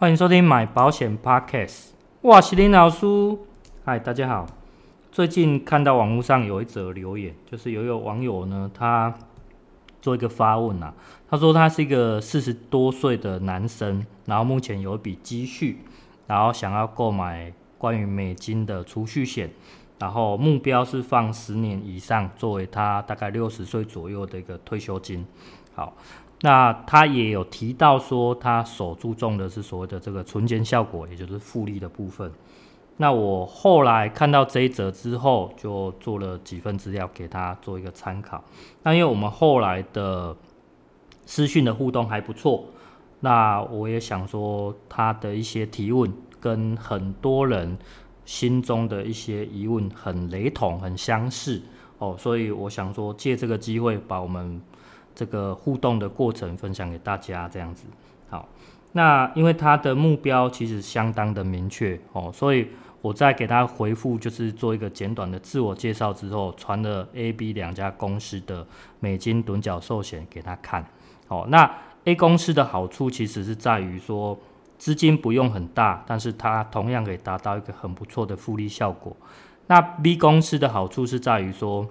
歡迎收聽買保險 Podcast。我是林老師。嗨，大家好。最近看到網絡上有一則留言，就是有一位網友呢，他做一個發問啊。他說他是一個四十多歲的男生，然後目前有一筆積蓄，然後想要購買關於美金的儲蓄險，然後目標是放十年以上，作為他大概六十歲左右的一個退休金。好。那他也有提到說，他所注重的是所謂的這個存錢效果，也就是複利的部分。那我後來看到這一則之後，就做了幾份資料給他做一個參考。那因為我們後來的私訊的互動還不錯，那我也想說他的一些提問跟很多人心中的一些疑問很雷同，很相似哦，所以我想說借這個機會把我們。這個互動的過程分享給大家，這樣子好。那因為他的目標其實相當的明確哦，所以我在給他回復，就是做一個簡短的自我介紹之後，傳了 A、B 兩家公司的美金躉繳壽險給他看。哦，那 A 公司的好處其實是在於說資金不用很大，但是它同樣可以達到一個很不錯的複利效果。那 B 公司的好處是在於說。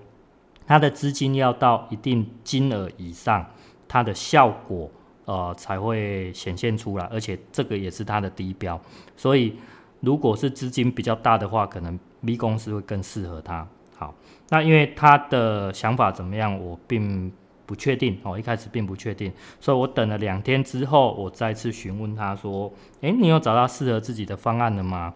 他的資金要到一定金額以上，他的效果呃才會顯現出來，而且這個也是他的底標，所以如果是資金比較大的話，可能 B 公司會更適合他。好，那因為他的想法怎麼樣，我並不確定，哦。一開始並不確定，所以我等了兩天之後，我再次詢問他說，誒、欸，你有找到適合自己的方案了嗎？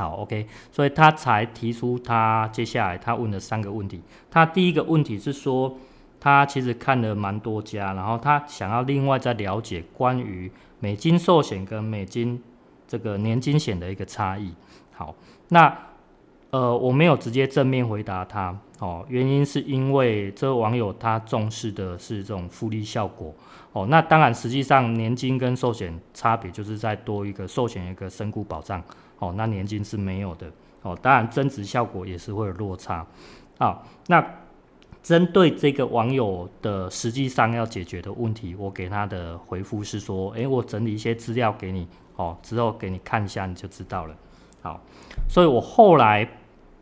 好，OK，所以他才提出他接下來他問了三個問題。他第一個問題是說，他其實看了蠻多家，然後他想要另外再了解關於美金壽險跟美金這個年金險的一個差異。好，那呃，我沒有直接正面回答他，哦，原因是因為這位網友他重視的是這種複利效果。哦，那當然，實際上年金跟壽險差別就是在多一個壽險一個身故保障。哦，那年金是沒有的。哦，當然增值效果也是會有落差。啊、哦，那針對這個網友的實際上要解決的問題，我給他的回復是說，誒、欸，我整理一些資料給你，哦，之後給你看一下，你就知道了。好、哦，所以我後來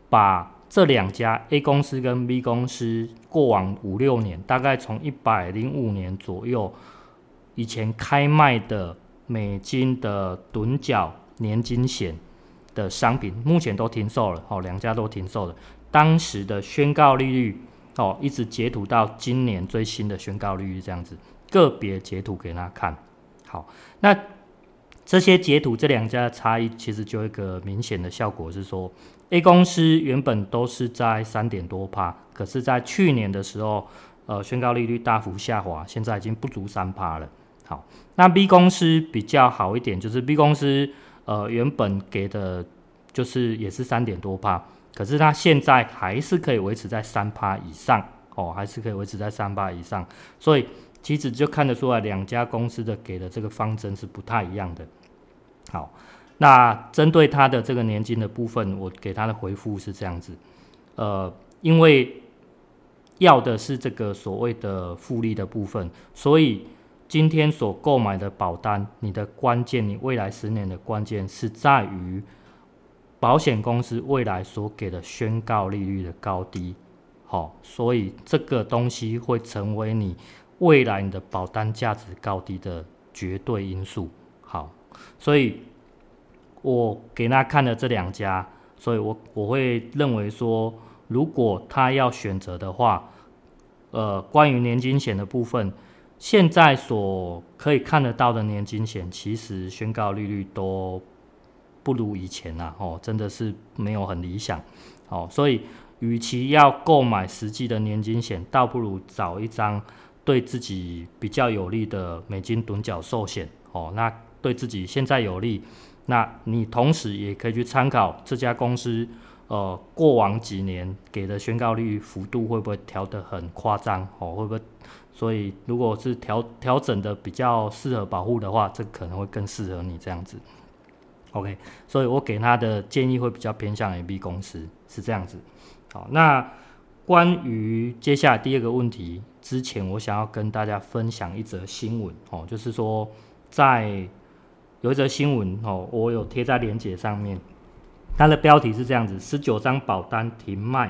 把這兩家 A 公司跟 B 公司過往五六年，大概從一百零五年左右以前開賣的美金的躉繳年金險，的商品目前都停售了，哦，兩家都停售了。當時的宣告利率，哦，一直截圖到今年最新的宣告利率，這樣子，個別截圖給大家看。好，那這些截圖這兩家的差異其實就一個明顯的效果是說，A 公司原本都是在三點多趴，可是在去年的時候，呃，宣告利率大幅下滑，現在已經不足三趴了。好，那 B 公司比較好一點，就是 B 公司。呃，原本給的，就是也是三點多趴，可是它現在還是可以維持在三趴以上哦，還是可以維持在三趴以上，所以其實就看得出來兩家公司的給的這個方針是不太一樣的。好，那針對他的這個年金的部分，我給他的回復是這樣子，呃，因為要的是這個所謂的複利的部分，所以。今天所購買的保單，你的關鍵，你未來十年的關鍵是在於，保險公司未來所給的宣告利率的高低，好，所以這個東西會成為你未來你的保單價值高低的絕對因素。好，所以我給大家看了這兩家，所以我我會認為說，如果他要選擇的話，呃，關於年金險的部分。現在所可以看得到的年金險，其實宣告利率都不如以前啦、啊，哦，真的是沒有很理想，哦，所以與其要購買實際的年金險，倒不如找一張對自己比較有利的美金躉繳壽險，哦，那對自己現在有利，那你同時也可以去參考這家公司，呃，過往幾年給的宣告利率幅度會不會調得很誇張，哦，會不會？所以，如果是調調整的比較適合保護的話，這可能會更適合你這樣子。OK，所以我給他的建議會比較偏向 A B 公司，是這樣子。好，那關於接下來第二個問題之前，我想要跟大家分享一則新聞哦，就是說，在有一則新聞哦，我有貼在連結上面，它的標題是這樣子：十九張保單停賣。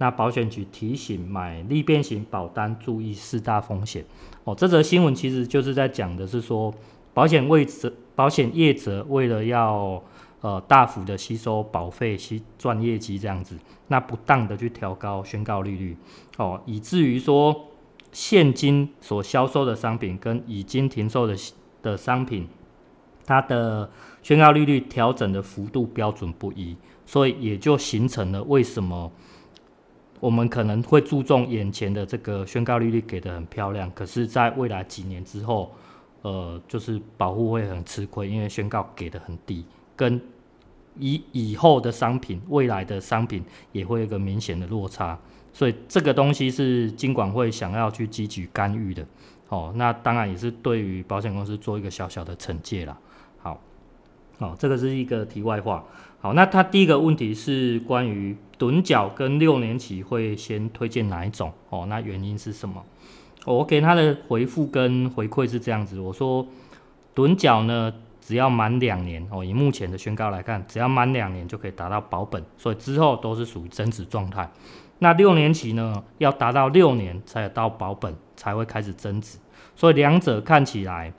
那保險局提醒買利變型保單注意四大風險哦。這則新聞其實就是在講的是說，保險位置保險業者為了要呃大幅的吸收保費，吸賺業績這樣子，那不當的去調高宣告利率哦，以至於說現今所銷售的商品跟已經停售的的商品，它的宣告利率調整的幅度標準不一，所以也就形成了為什麼。我們可能會注重眼前的這個宣告利率給得很漂亮，可是在未來幾年之後，呃，就是保戶會很吃虧，因為宣告給得很低，跟以以後的商品，未來的商品也會有一個明顯的落差，所以這個東西是金管會想要去積極干預的。哦，那當然也是對於保險公司做一個小小的懲戒啦。好，哦，這個是一個題外話。好，那他第一個問題是關於躉繳跟六年期會先推薦哪一種哦？那原因是什麼？我給他的回復跟回饋是這樣子，我說躉繳呢，只要滿兩年哦，以目前的宣告來看，只要滿兩年就可以達到保本，所以之後都是屬於增值狀態。那六年期呢，要達到六年才有到保本，才會開始增值。所以兩者看起來，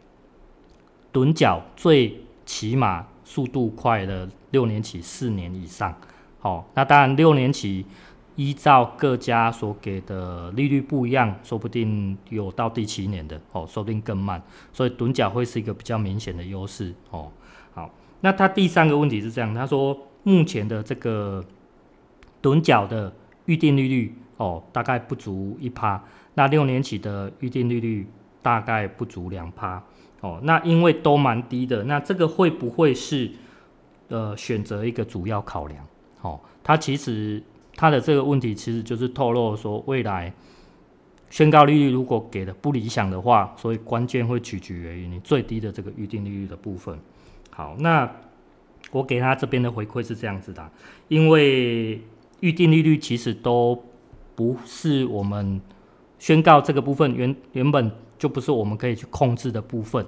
躉繳最起碼。速度快的六年期四年以上，好、哦，那當然六年期依照各家所給的利率不一樣，說不定有到第七年的，哦，說不定更慢，所以躉繳會是一個比較明顯的優勢，哦，好，那他第三個問題是這樣，他說目前的這個躉繳的預定利率，哦，大概不足一趴，那六年期的預定利率大概不足兩趴。哦，那因為都蠻低的，那這個會不會是呃選擇一個主要考量？哦，它其實它的這個問題其實就是透露說，未來宣告利率如果給的不理想的話，所以關鍵會取決於你最低的這個預定利率的部分。好，那我給他這邊的回饋是這樣子的，因為預定利率其實都不是我們宣告這個部分原原本，就不是我們可以去控制的部分，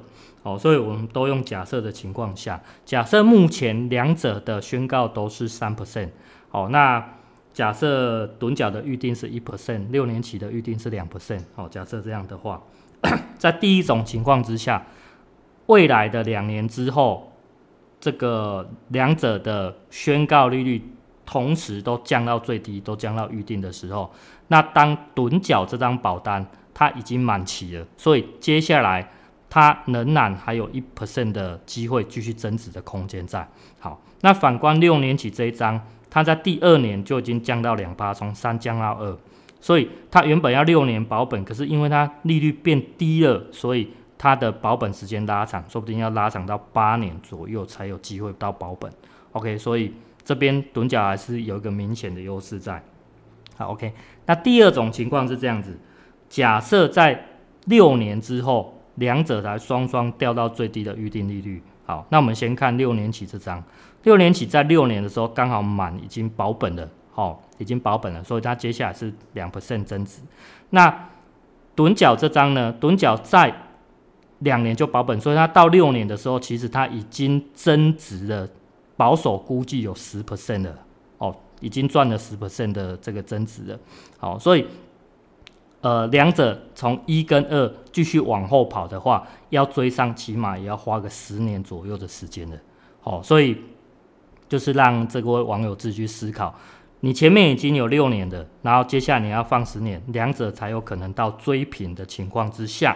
所以我們都用假設的情況下，假設目前兩者的宣告都是三 percent，那假設躉繳的預定是一 percent，六年期的預定是兩 percent，假設這樣的話，在第一種情況之下，未來的兩年之後，這個兩者的宣告利率同時都降到最低，都降到預定的時候，那當躉繳這張保單。它已經滿期了，所以接下來它仍然還有一 percent 的機會繼續增值的空間在。好，那反觀六年期這一張，它在第二年就已經降到兩趴，從三降到二，所以它原本要六年保本，可是因為它利率變低了，所以它的保本時間拉長，說不定要拉長到八年左右才有機會到保本。OK，所以這邊躉繳還是有一個明顯的優勢在。好，OK，那第二種情況是這樣子。假設在六年之後，兩者才雙雙掉到最低的預定利率。好，那我們先看六年期這張。六年期在六年的時候剛好滿，已經保本了。好、哦，已經保本了，所以它接下來是兩 percent 增值。那躉繳這張呢？躉繳在兩年就保本，所以它到六年的時候，其實它已經增值了，保守估計有十 percent 的，好，已經賺了十 percent 的這個增值了。好，所以。呃，兩者從一跟二繼續往後跑的話，要追上起碼也要花個十年左右的時間的。好、哦，所以就是讓這位網友自己去思考，你前面已經有六年的，然後接下來你要放十年，兩者才有可能到追平的情況之下。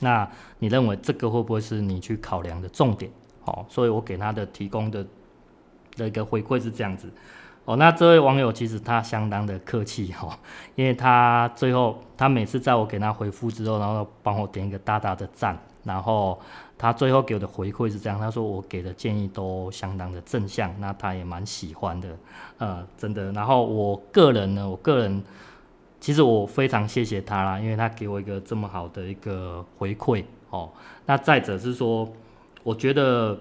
那你認為這個會不會是你去考量的重點？好、哦，所以我給他的提供的的一個回饋是這樣子。哦，那這位網友其實他相當的客氣哈、哦，因為他最後他每次在我給他回復之後，然後幫我點一個大大的讚，然後他最後給我的回饋是這樣，他說我給的建議都相當的正向，那他也蠻喜歡的，呃，真的。然後我個人呢，我個人其實我非常謝謝他啦，因為他給我一個這麼好的一個回饋哦。那再者是說，我覺得。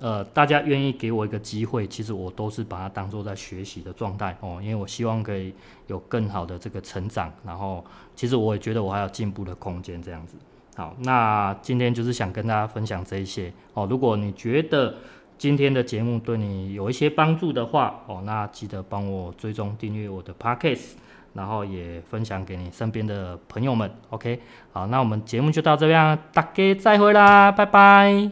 呃，大家願意給我一個機會，其實我都是把它當做在學習的狀態哦，因為我希望可以有更好的這個成長。然後，其實我也覺得我還有進步的空間，這樣子。好，那今天就是想跟大家分享這一些哦。如果你覺得今天的節目對你有一些幫助的話哦，那記得幫我追蹤訂閱我的 podcast，然後也分享給你身邊的朋友們。OK，好，那我們節目就到這邊，大家再會啦，拜拜。